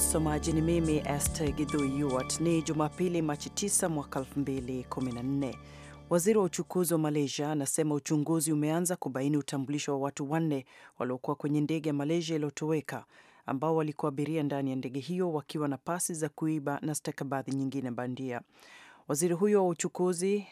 Msomaji ni mimi Esther Githui Ni Jumapili, Machi 9 mwaka 2014. Waziri wa uchukuzi wa Malaysia anasema uchunguzi umeanza kubaini utambulisho wa watu wanne waliokuwa kwenye ndege ya Malaysia iliyotoweka ambao walikuwa abiria ndani ya ndege hiyo wakiwa na pasi za kuiba na stakabadhi nyingine bandia. Waziri huyo wa uchukuzi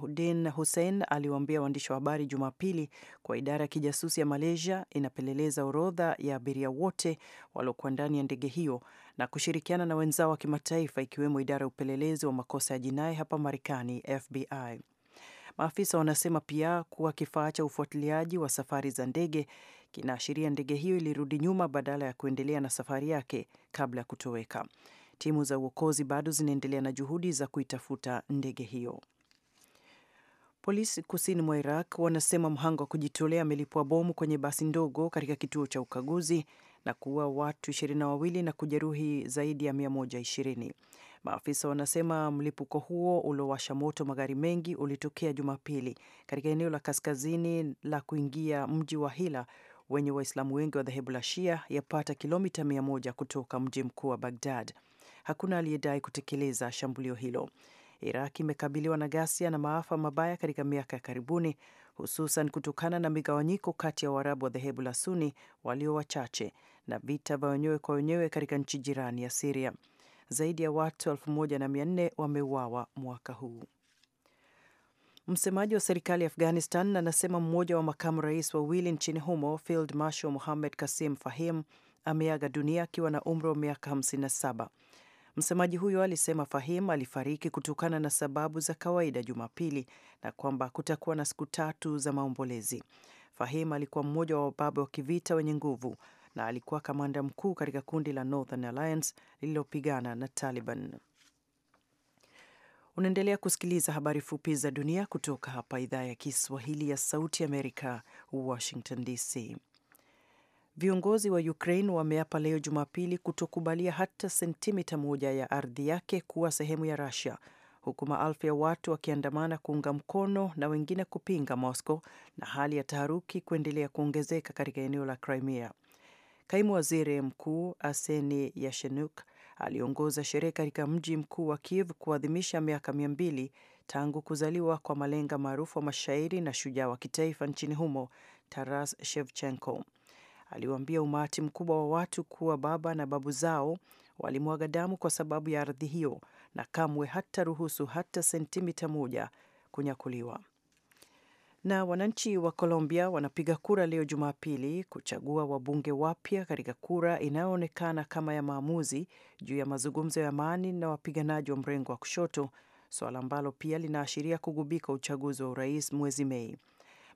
Hudin Hussein aliwaambia waandishi wa habari Jumapili kwa idara ya kijasusi ya Malaysia inapeleleza orodha ya abiria wote waliokuwa ndani ya ndege hiyo na kushirikiana na wenzao wa kimataifa ikiwemo idara ya upelelezi wa makosa ya jinai hapa Marekani, FBI. Maafisa wanasema pia kuwa kifaa cha ufuatiliaji wa safari za ndege kinaashiria ndege hiyo ilirudi nyuma badala ya kuendelea na safari yake kabla ya kutoweka. Timu za uokozi bado zinaendelea na juhudi za kuitafuta ndege hiyo. Polisi kusini mwa Iraq wanasema mhanga wa kujitolea amelipua bomu kwenye basi ndogo katika kituo cha ukaguzi na kuua watu ishirini na wawili na kujeruhi zaidi ya ishirini. Maafisa wanasema mlipuko huo uliowasha moto magari mengi ulitokea Jumapili katika eneo la kaskazini la kuingia mji wa Hila wenye Waislamu wengi wa dhehebu la Shia yapata kilomita moja kutoka mji mkuu wa bagdad hakuna aliyedai kutekeleza shambulio hilo. Iraq imekabiliwa na ghasia na maafa mabaya katika miaka ya karibuni, hususan kutokana na migawanyiko kati ya Waarabu wa dhehebu la Suni walio wachache na vita vya wenyewe kwa wenyewe katika nchi jirani ya Siria. Zaidi ya watu 1400 wameuawa mwaka huu. Msemaji wa serikali ya Afghanistan anasema mmoja wa makamu rais wawili nchini humo, Field Marshal muhamed Kasim Fahim, ameaga dunia akiwa na umri wa miaka 57. Msemaji huyo alisema Fahim alifariki kutokana na sababu za kawaida Jumapili na kwamba kutakuwa na siku tatu za maombolezi. Fahim alikuwa mmoja wa wababa wa kivita wenye nguvu na alikuwa kamanda mkuu katika kundi la Northern Alliance lililopigana na Taliban. Unaendelea kusikiliza habari fupi za dunia kutoka hapa idhaa ya Kiswahili ya Sauti Amerika, Washington DC. Viongozi wa Ukraine wameapa leo Jumapili kutokubalia hata sentimita moja ya ardhi yake kuwa sehemu ya rasia huku maelfu ya watu wakiandamana kuunga mkono na wengine kupinga Moscow na hali ya taharuki kuendelea kuongezeka katika eneo la Crimea. Kaimu waziri mkuu arseni yashenuk aliongoza sherehe katika mji mkuu wa Kiev kuadhimisha miaka mia mbili tangu kuzaliwa kwa malenga maarufu wa mashairi na shujaa wa kitaifa nchini humo Taras Shevchenko aliwaambia umati mkubwa wa watu kuwa baba na babu zao walimwaga damu kwa sababu ya ardhi hiyo na kamwe hata ruhusu hata sentimita moja kunyakuliwa. Na wananchi wa Colombia wanapiga kura leo Jumapili kuchagua wabunge wapya katika kura inayoonekana kama ya maamuzi juu ya mazungumzo ya amani na wapiganaji wa mrengo wa kushoto, suala ambalo pia linaashiria kugubika uchaguzi wa urais mwezi Mei.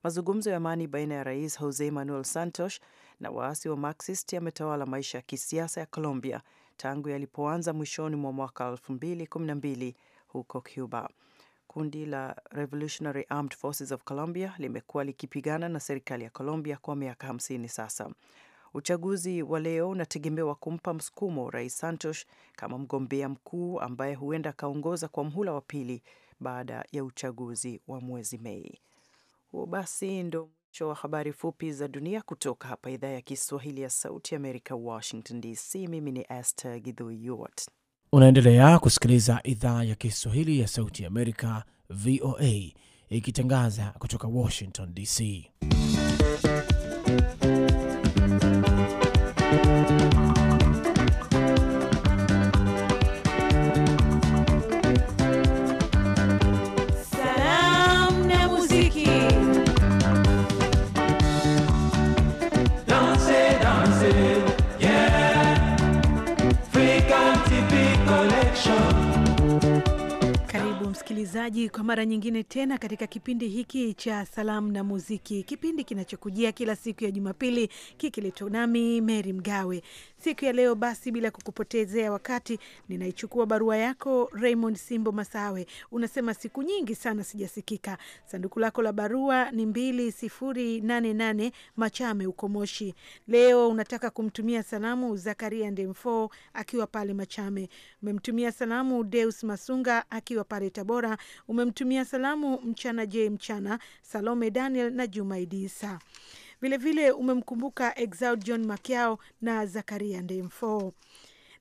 Mazungumzo ya amani baina ya Rais Jose Manuel Santos na waasi wa Marxist yametawala maisha ya kisiasa ya Colombia tangu yalipoanza mwishoni mwa mwaka 2012 huko Cuba. Kundi la Revolutionary Armed Forces of Colombia limekuwa likipigana na serikali ya Colombia kwa miaka 50 sasa. Uchaguzi wa leo unategemewa kumpa msukumo Rais Santos kama mgombea mkuu ambaye huenda akaongoza kwa mhula wa pili baada ya uchaguzi wa mwezi Mei. Huo basi ndo mwisho wa habari fupi za dunia kutoka hapa idhaa ya Kiswahili ya Sauti Amerika, Washington DC. Mimi ni Esther Gidhyuart. Unaendelea kusikiliza idhaa ya Kiswahili ya Sauti Amerika, VOA, ikitangaza kutoka Washington DC. msikilizaji, kwa mara nyingine tena katika kipindi hiki cha salamu na muziki, kipindi kinachokujia kila siku ya Jumapili, kikiletwa nami Meri Mgawe siku ya leo. Basi bila kukupotezea wakati, ninaichukua barua yako Raymond Simbo Masawe. Unasema siku nyingi sana sijasikika. Sanduku lako la barua ni mbili sifuri nane nane Machame huko Moshi. Leo unataka kumtumia salamu Zakaria Ndemfo akiwa pale Machame, umemtumia salamu Deus Masunga akiwa pale Tabora, umemtumia salamu Mchana J Mchana, Salome Daniel na jumaidisa Vilevile umemkumbuka Exaud John Makiao na Zakaria Ndemfo.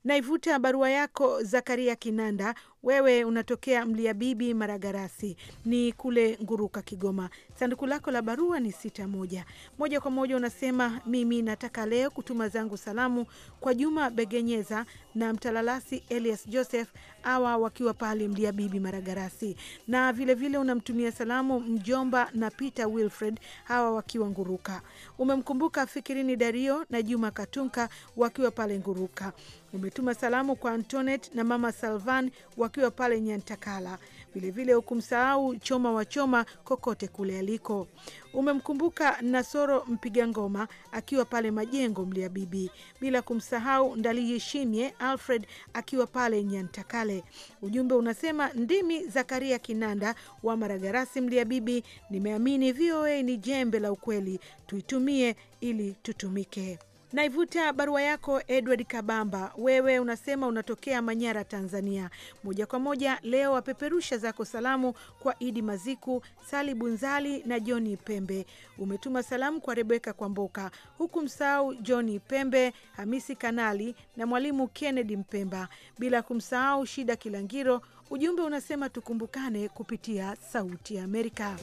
Naivuta barua yako Zakaria Kinanda wewe unatokea Mliabibi Maragarasi, ni kule Nguruka, Kigoma. Sanduku lako la barua ni sita moja moja kwa moja. Unasema mimi nataka leo kutuma zangu salamu kwa Juma Begenyeza na Mtalalasi Elias Joseph, awa wakiwa pale Mliabibi Maragarasi, na vilevile vile unamtumia salamu mjomba na Peter Wilfred, hawa wakiwa Nguruka. Umemkumbuka Fikirini Dario na Juma Katunka wakiwa pale Nguruka. Umetuma salamu kwa Antonet na mama Salvan wa wakiwa pale Nyantakala. Vilevile hukumsahau Choma wa Choma kokote kule aliko. Umemkumbuka Nasoro mpiga ngoma akiwa pale Majengo Mliabibi, bila kumsahau Ndaliyeshimye Alfred akiwa pale Nyantakale. Ujumbe unasema ndimi Zakaria Kinanda wa Maragarasi Mliabibi, nimeamini VOA ni jembe la ukweli, tuitumie ili tutumike. Naivuta barua yako Edward Kabamba, wewe unasema unatokea Manyara, Tanzania. Moja kwa moja leo wapeperusha zako salamu kwa Idi Maziku, Sali Bunzali na Johni Pembe. Umetuma salamu kwa Rebeka Kwamboka, huku msahau Johni Pembe, Hamisi Kanali na Mwalimu kennedi Mpemba, bila kumsahau Shida Kilangiro. Ujumbe unasema tukumbukane kupitia Sauti ya Amerika.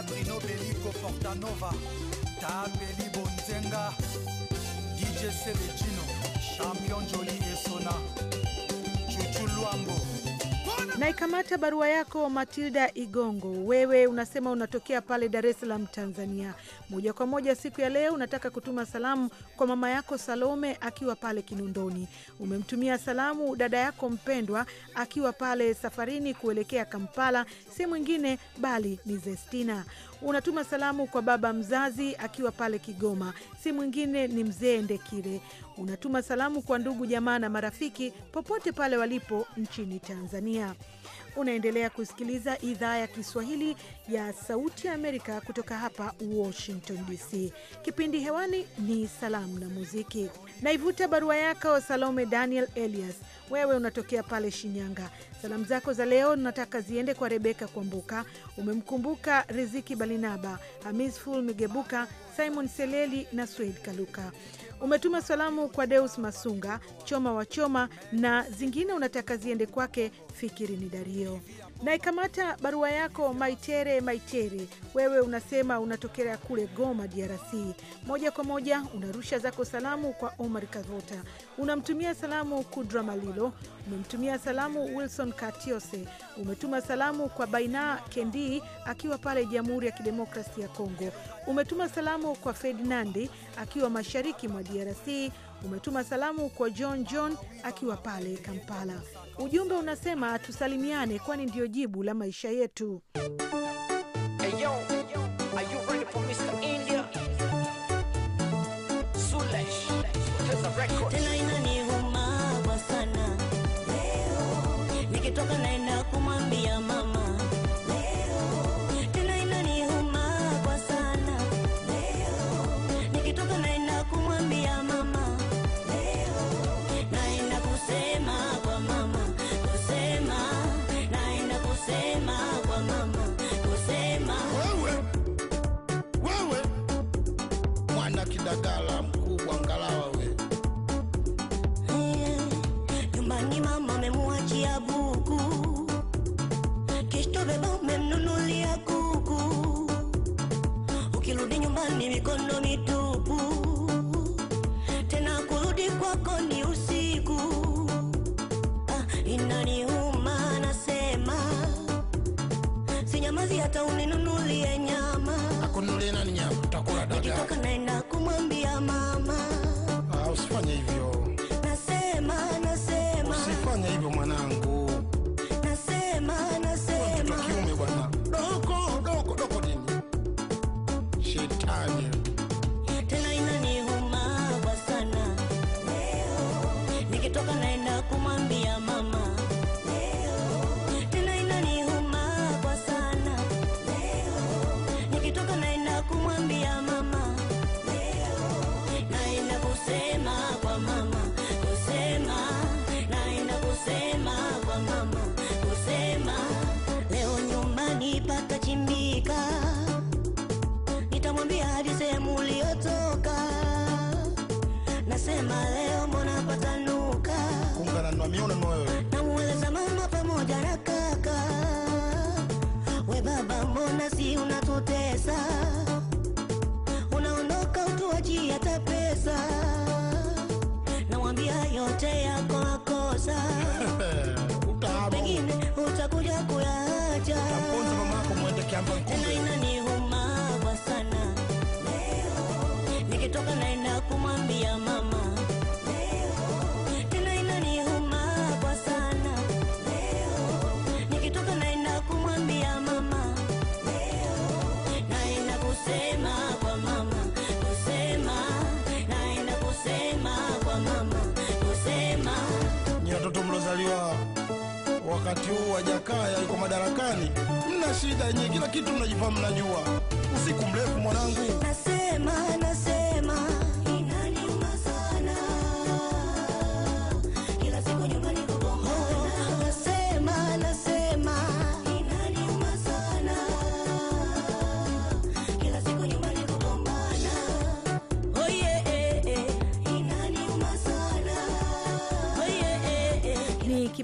ta brino beliko fortanova ta beli bonzenga dj selecino champion joli esona cucu lwango Naikamata barua yako Matilda Igongo, wewe unasema unatokea pale Dar es Salaam, Tanzania. Moja kwa moja siku ya leo unataka kutuma salamu kwa mama yako Salome akiwa pale Kinondoni. Umemtumia salamu dada yako mpendwa akiwa pale safarini kuelekea Kampala, si mwingine bali ni Zestina unatuma salamu kwa baba mzazi akiwa pale Kigoma, si mwingine ni mzee Ndekile. Unatuma salamu kwa ndugu jamaa na marafiki popote pale walipo nchini Tanzania. Unaendelea kusikiliza idhaa ya Kiswahili ya Sauti ya Amerika kutoka hapa Washington DC. Kipindi hewani ni salamu na muziki. Naivuta barua yako Salome Daniel Elias wewe unatokea pale Shinyanga. Salamu zako za leo nataka ziende kwa Rebeka Kwambuka, umemkumbuka Riziki Balinaba, Hamis Ful Migebuka, Simon Seleli na Swed Kaluka. Umetuma salamu kwa Deus Masunga, Choma wa Choma, na zingine unataka ziende kwake Fikiri ni Dario. Naikamata barua yako Maitere Maitere, wewe unasema unatokea kule Goma, DRC. Moja kwa moja unarusha zako salamu kwa Omar Kavota, unamtumia salamu Kudra Malilo, umemtumia salamu Wilson Katiose, umetuma salamu kwa Baina Kendi akiwa pale Jamhuri ya Kidemokrasi ya Kongo, umetuma salamu kwa Ferdinandi akiwa mashariki mwa DRC umetuma salamu kwa John John akiwa pale Kampala. Ujumbe unasema tusalimiane, kwani ndio jibu la maisha yetu. Hey, tesa wakati huu wa Jakaya yuko madarakani, mna shida nyingi na kitu mnajipa, mnajua. Usiku mrefu mwanangu.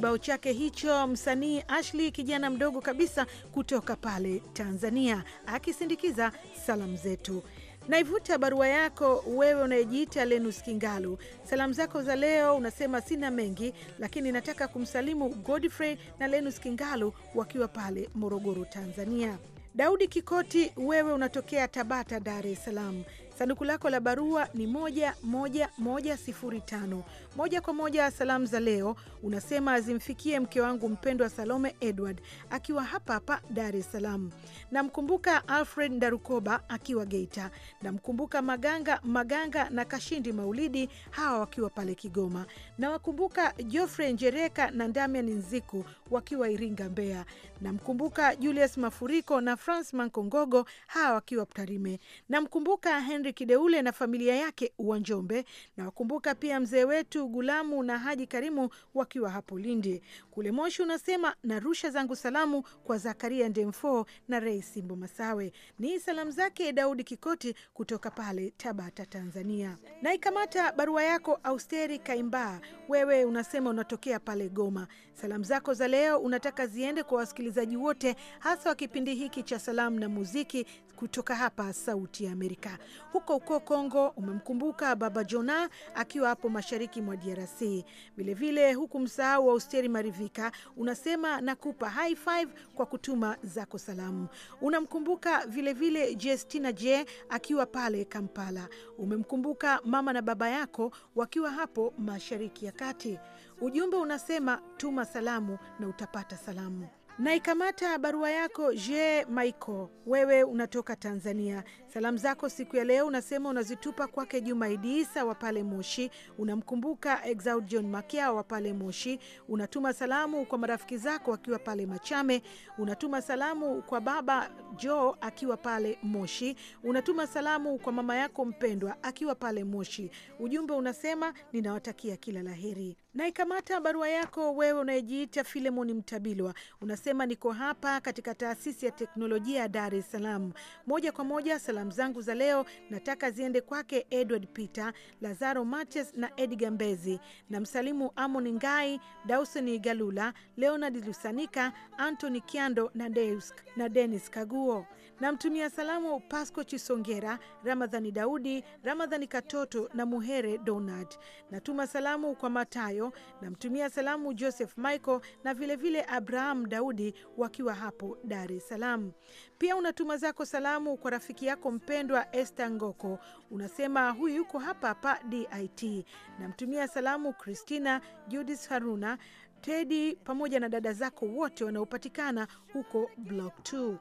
kibao chake hicho msanii Ashley, kijana mdogo kabisa kutoka pale Tanzania, akisindikiza salamu zetu. Naivuta barua yako wewe unayejiita Lenus Kingalu. Salamu zako za leo unasema sina mengi, lakini nataka kumsalimu Godfrey na Lenus Kingalu wakiwa pale Morogoro, Tanzania. Daudi Kikoti, wewe unatokea Tabata, Dar es Salaam. Sanduku lako la barua ni moja moja moja sifuri tano. Moja kwa moja salamu za leo unasema zimfikie mke wangu mpendwa Salome Edward akiwa hapa hapa Dar es Salaam. Namkumbuka Alfred Ndarukoba akiwa Geita. Namkumbuka Maganga Maganga na Kashindi Maulidi, hawa wakiwa pale Kigoma. Nawakumbuka jofre Njereka na Damian Nziku wakiwa Iringa, Mbeya. Namkumbuka Julius Mafuriko na Franc Mankongogo, hawa wakiwa ptarime Namkumbuka henri Kideule na familia yake Uwanjombe. Nawakumbuka pia mzee wetu Gulamu na Haji Karimu wakiwa hapo Lindi. Kule Moshi unasema narusha zangu salamu kwa Zakaria Ndemfo na Rei Simbo Masawe, ni salamu zake Daudi Kikoti kutoka pale Tabata, Tanzania. Naikamata barua yako Austeri Kaimba, wewe unasema unatokea pale Goma. Salamu zako za leo unataka ziende kwa wasikilizaji wote, hasa wa kipindi hiki cha salamu na muziki kutoka hapa Sauti ya Amerika. Huko huko Kongo umemkumbuka Baba Jona akiwa hapo mashariki mwa DRC vilevile, huku msahau wa Usteri Marivika unasema nakupa high five kwa kutuma zako salamu. Unamkumbuka vilevile Jestina Je akiwa pale Kampala. Umemkumbuka mama na baba yako wakiwa hapo mashariki ya kati. Ujumbe unasema tuma salamu na utapata salamu. Naikamata barua yako. Je, Michael, wewe unatoka Tanzania. Salamu zako siku ya leo unasema unazitupa kwake Juma idiisa wa pale Moshi, unamkumbuka Exaud John makia wa pale Moshi, unatuma salamu kwa marafiki zako akiwa pale Machame, unatuma salamu kwa baba Jo akiwa pale Moshi, unatuma salamu kwa mama yako mpendwa akiwa pale Moshi. Ujumbe unasema ninawatakia kila laheri. Naikamata barua yako wewe unayejiita Filemoni Mtabilwa, unasema niko hapa katika taasisi ya teknolojia ya Dar es Salaam. Moja kwa moja, salamu zangu za leo nataka ziende kwake Edward Peter, Lazaro Maches na Edi Gambezi, na msalimu Amoni Ngai, Dausoni Galula, Leonard Lusanika, Antony Kiando na Deus na Denis Kaguo. Namtumia salamu Pasco Chisongera, Ramadhani Daudi, Ramadhani Katoto na Muhere Donald. Natuma salamu kwa Matayo, namtumia salamu Joseph Michael na vilevile Abraham Daudi wakiwa hapo Dar es Salaam. Pia unatuma zako salamu kwa rafiki yako mpendwa Esther Ngoko, unasema huyu yuko hapa pa DIT. Namtumia salamu Christina judis Haruna Tedi pamoja na dada zako wote wanaopatikana huko block 2.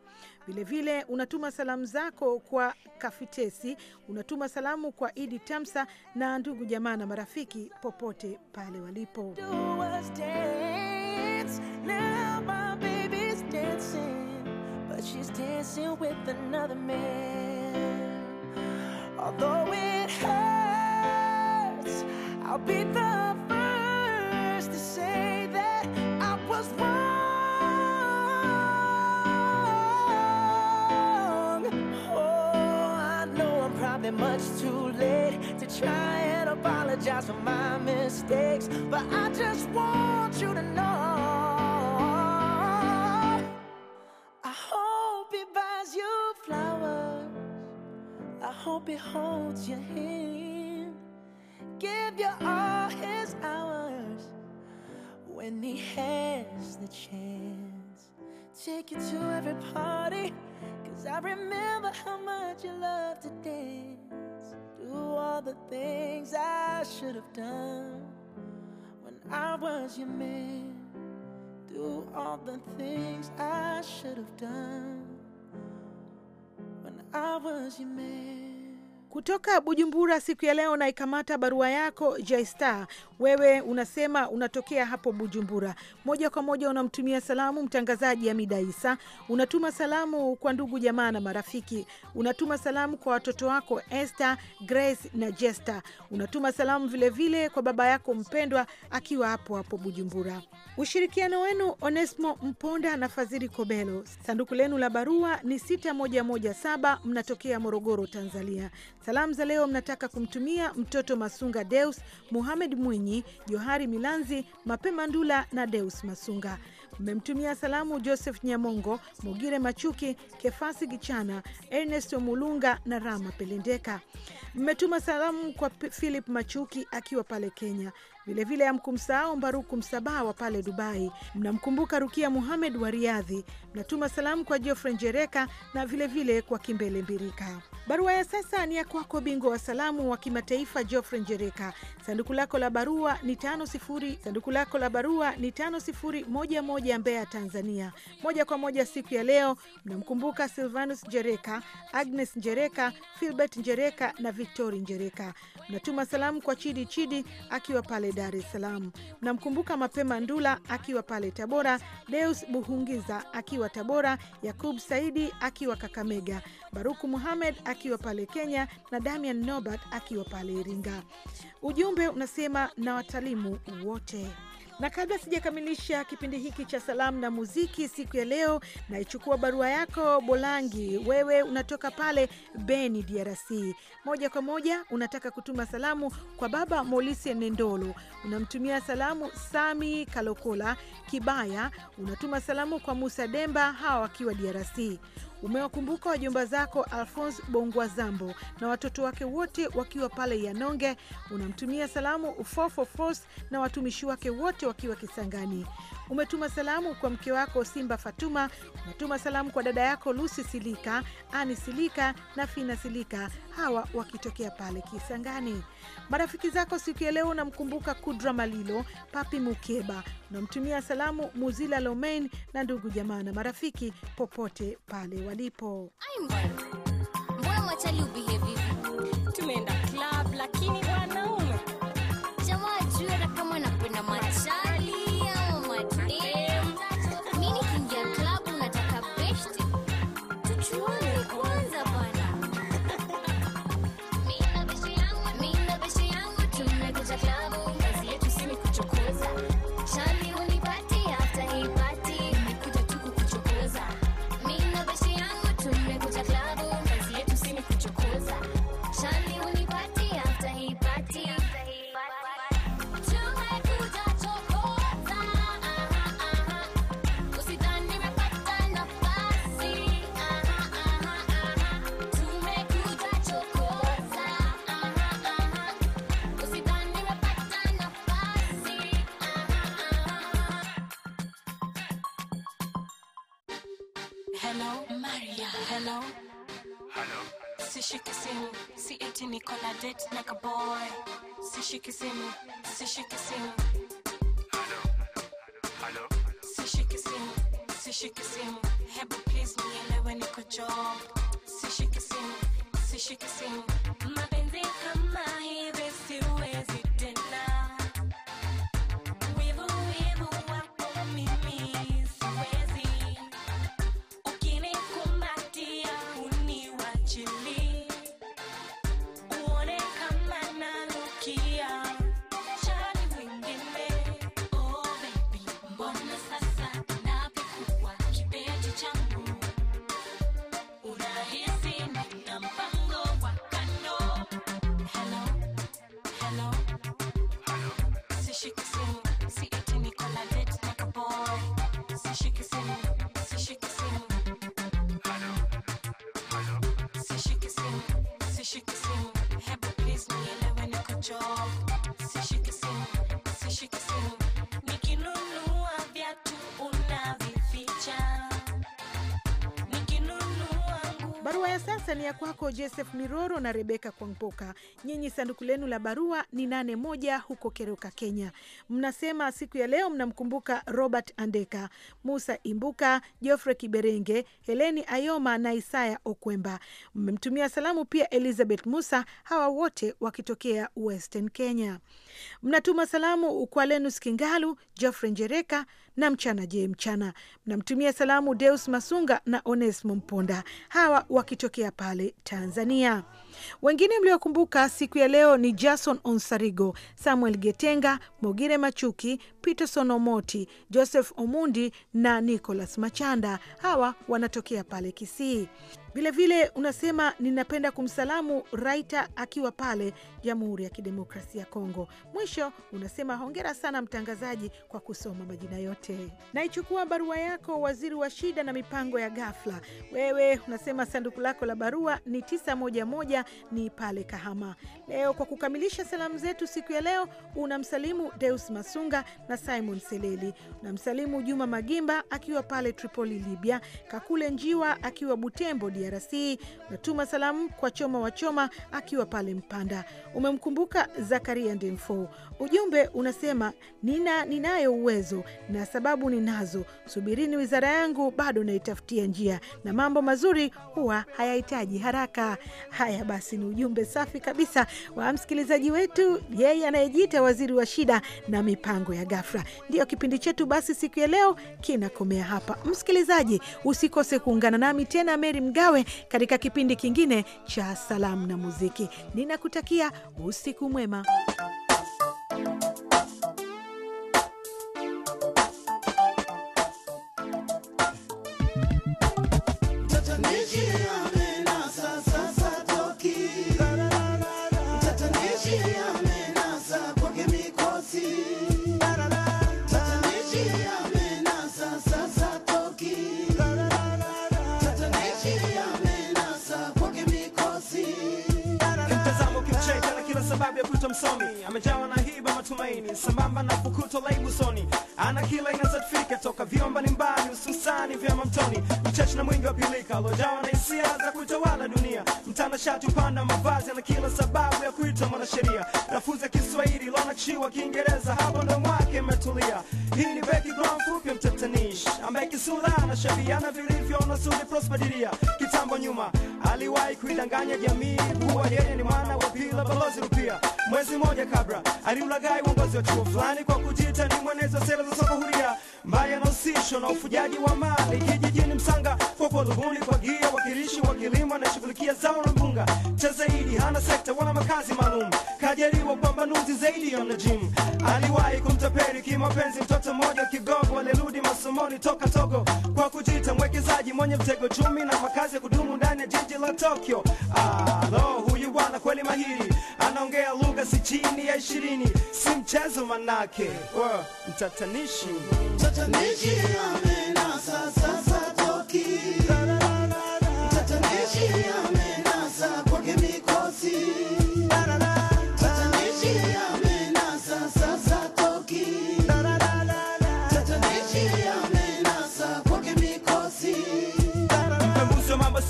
Vilevile unatuma salamu zako kwa Kafitesi, unatuma salamu kwa Idi Tamsa na ndugu jamaa na marafiki popote pale walipo. I'll be the to say that I was wrong. Oh, I know I'm probably much too late to try and apologize for my mistakes, but I just want you to know. I hope he buys you flowers. I hope he holds your hand. the chance Take you to every party Cause I remember how much you loved to dance Do all the things I should have done When I was your man Do all the things I should have done When I was your man Kutoka Bujumbura siku ya leo naikamata barua yako jsta Wewe unasema unatokea hapo Bujumbura, moja kwa moja unamtumia salamu mtangazaji Amida Isa, unatuma salamu kwa ndugu jamaa na marafiki, unatuma salamu kwa watoto wako Esther, Grace na Jesta, unatuma salamu vilevile vile kwa baba yako mpendwa akiwa hapo hapo Bujumbura. Ushirikiano wenu Onesmo Mponda na Fadhili Kobelo, sanduku lenu la barua ni 6117 mnatokea Morogoro, Tanzania. Salamu za leo mnataka kumtumia mtoto Masunga Deus, Muhamed Mwinyi, Johari Milanzi, Mapema Ndula na Deus Masunga. Mmemtumia salamu Joseph Nyamongo, Mugire Machuki, Kefasi Gichana, Ernest Mulunga na Rama Pelendeka. Mmetuma salamu kwa Philip Machuki akiwa pale Kenya, Vilevile amkumsahau Mbaruku Msabaa wa pale Dubai, mnamkumbuka Rukia Muhamed wa Riadhi, mnatuma salamu kwa Jofre Njereka na vilevile vile kwa Kimbele Mbirika. Barua ya sasa ni ya kwako bingwa wa salamu wa kimataifa Jofre Njereka. Sanduku lako la barua ni tano sifuri, sanduku lako la barua ni tano sifuri moja moja Mbeya, Tanzania. Moja kwa moja siku ya leo mnamkumbuka Silvanus Njereka, Agnes Njereka, Filbert Njereka na Victori Njereka. Mnatuma salamu kwa Chidi Chidi akiwa pale Dar es Salaam. Mnamkumbuka mapema Ndula akiwa pale Tabora, Deus Buhungiza akiwa Tabora, Yakub Saidi akiwa Kakamega, Baruku Muhamed akiwa pale Kenya na Damian Nobert akiwa pale Iringa. Ujumbe unasema na watalimu wote na kabla sijakamilisha kipindi hiki cha salamu na muziki siku ya leo, naichukua barua yako Bolangi. Wewe unatoka pale Beni, DRC. Moja kwa moja unataka kutuma salamu kwa baba Molise Nendolo, unamtumia salamu Sami Kalokola Kibaya, unatuma salamu kwa Musa Demba, hawa wakiwa DRC umewakumbuka wajomba zako Alphonse Bongwazambo na watoto wake wote wakiwa pale Yanonge. Unamtumia salamu Ufofo na watumishi wake wote wakiwa Kisangani. Umetuma salamu kwa mke wako Simba Fatuma, umetuma salamu kwa dada yako Lusi Silika, Ani Silika na Fina Silika, hawa wakitokea pale Kisangani. Marafiki zako siku ya leo unamkumbuka Kudra Malilo, Papi Mukeba, unamtumia salamu Muzila Lomain na ndugu jamaa na marafiki popote pale walipo. I'm I'm... I'm... I like a boy. See she can see me, see she can me. Hello, hello, See she kissing. see me, see she can me. Hebu please me, elewe niko job. See she can me, see she me. Sasa kwako Joseph Miroro na Rebeka Kwangpoka. Nyinyi sanduku lenu la barua ni nane moja huko Keroka, Kenya. Mnasema siku ya leo mnamkumbuka Robert Andeka, Musa Imbuka, Geoffrey Kiberenge, Heleni Ayoma na Isaya Okwemba. Mmemtumia salamu pia Elizabeth Musa, hawa wote wakitokea Western Kenya. Mnatuma salamu Lenus Kingalu, Geoffrey Njereka na mchana. Je, mchana mnamtumia salamu Deus Masunga na Onesmo Mponda, hawa wakitokea pale Tanzania. Wengine mliokumbuka siku ya leo ni Jason Onsarigo, Samuel Getenga, Mogire Machuki, Peterson Omoti, Joseph Omundi na Nicholas Machanda. Hawa wanatokea pale Kisii. Vilevile unasema ninapenda kumsalamu Raita akiwa pale Jamhuri ya Kidemokrasia ya Kongo. Mwisho unasema hongera sana mtangazaji kwa kusoma majina yote. Naichukua barua yako, waziri wa shida na mipango ya ghafla. Wewe unasema sanduku lako la barua ni 911 ni pale Kahama. Leo kwa kukamilisha salamu zetu siku ya leo, unamsalimu Deus Masunga na Simon Seleli, unamsalimu Juma Magimba akiwa pale Tripoli, Libya, Kakule Njiwa akiwa Butembo, DRC. Unatuma salamu kwa Choma wa Choma akiwa pale Mpanda. Umemkumbuka Zakaria Ndemfo. Ujumbe unasema nina ninayo uwezo na sababu ninazo, subirini wizara yangu bado naitafutia njia, na mambo mazuri huwa hayahitaji haraka. Haya. Basi ni ujumbe safi kabisa wa msikilizaji wetu, yeye anayejiita waziri wa shida na mipango ya ghafla. Ndiyo kipindi chetu basi siku ya leo kinakomea hapa. Msikilizaji, usikose kuungana nami tena, Meri Mgawe, katika kipindi kingine cha salamu na muziki. Ninakutakia usiku mwema. usoni, ana kila aina certificate toka vyuo mbalimbali, hususani vya Mamtoni, mcheshi na mwingi wa pilika, lojawa na hisia za kutawala dunia, mtanashati upanda mavazi, ana kila sababu ya kuitwa mwanasheria, nafunza Kiswahili, lonakshiwa Kiingereza, hapo ndo mwake imetulia. Hii ni background fupi mtatanishi, ambaye kisura na vilivyo na sudi kitambo nyuma aliwahi kuidanganya jamii kuwa yeye ni mwana wa pila balozi Mwezi mmoja kabla alimlagai uongozi wa chuo fulani kwa kujiita ni mwenezi wa sera za soko huria, mbali anahusishwa na ufujaji wa mali kijijini Msanga kwa kudhumuni kwa gia wakilishi wa kilimo, anashughulikia zao la mpunga cha zaidi, hana sekta wala makazi maalum, kajariwa pambanuzi zaidi ya mnajimu. Aliwahi kumtapeli kimapenzi mtoto mmoja kigogo alirudi masomoni toka Togo kwa kujiita mwekezaji mwenye mtego chumi na makazi ya kudumu ndani ya jiji la Tokyo. Ah, lo, huyu bwana kweli mahiri lugha si chini ya ishirini, si mchezo manake wa mtatanishi. Mtatanishi amenasa sasa toki, mtatanishi amenasa kwake mikosi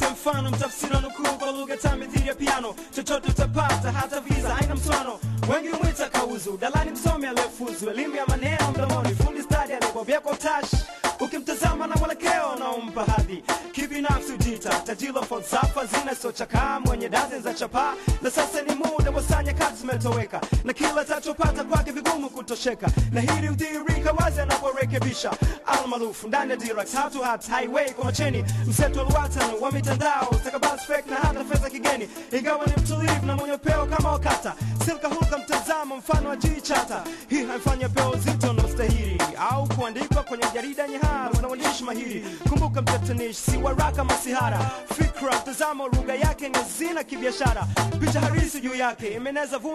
kwa mfano, mtafsiri nukuu kwa lugha tamithili ya piano, chochote utapata, hata visa aina mfano. Wengi mwita kauzu, dalani msomi aliyefuzu elimu ya maneno mdomoni, fundi stadi aliyebobea kwa utashi ukimtazama na mwelekeo naumpa hadhi kibinafsi, ujita tajilo falsafa zinazochakaa mwenye dazi za chapaa na sasa ni zimetoweka, na kila tachopata kwake vigumu kutosheka, na hili udhihirika wazi anaporekebisha almaarufu ndani ya Dirax, hatu hat highway kwa macheni, mseto luatan wa mitandao takabasfek na hata fedha kigeni, ingawa ni mtulivu na mwenye peo kama wakata silka hulka mtazamo mfano wa jichata, hii haifanya peo zito na ustahiri au kuandikwa kwenye jarida nyehara na waandishi mahiri. Kumbuka mtatanishi si waraka masihara, fikra mtazamo lugha yake ni zina kibiashara, picha harisi juu yake imeneza vumi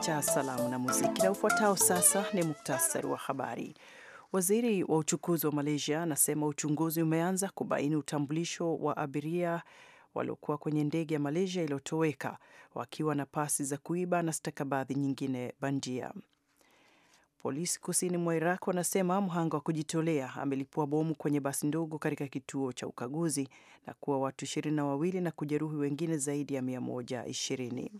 cha salamu na muziki, na ufuatao sasa ni muktasari wa habari. Waziri wa uchukuzi wa Malaysia anasema uchunguzi umeanza kubaini utambulisho wa abiria waliokuwa kwenye ndege ya Malaysia iliyotoweka wakiwa na pasi za kuiba na stakabadhi nyingine bandia. Polisi kusini mwa Iraq wanasema mhanga wa kujitolea amelipua bomu kwenye basi ndogo katika kituo cha ukaguzi na kuwa watu ishirini na wawili na kujeruhi wengine zaidi ya 120.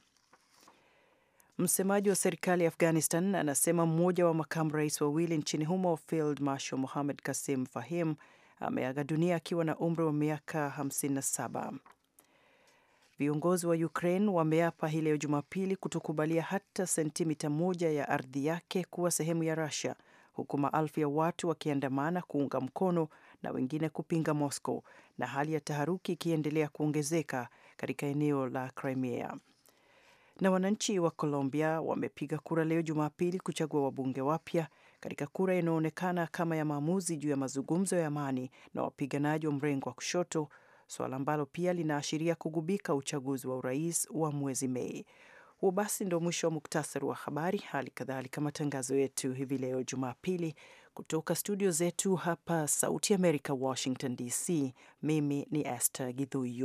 Msemaji wa serikali ya Afghanistan anasema mmoja wa makamu rais wawili nchini humo, Field Marshal Mohamed Kasim Fahim, ameaga dunia akiwa na umri wa miaka 57. Viongozi wa Ukraine wameapa hii leo Jumapili kutokubalia hata sentimita moja ya ardhi yake kuwa sehemu ya Russia, huku maelfu ya watu wakiandamana kuunga mkono na wengine kupinga Moscow, na hali ya taharuki ikiendelea kuongezeka katika eneo la Crimea. Na wananchi wa Colombia wamepiga kura leo Jumapili kuchagua wabunge wapya katika kura inayoonekana kama ya maamuzi juu ya mazungumzo ya amani na wapiganaji wa mrengo wa kushoto, suala ambalo pia linaashiria kugubika uchaguzi wa urais wa mwezi Mei. Huo basi ndo mwisho wa muktasari wa habari, hali kadhalika matangazo yetu hivi leo Jumapili kutoka studio zetu hapa Sauti America, Washington DC. Mimi ni Esther Githui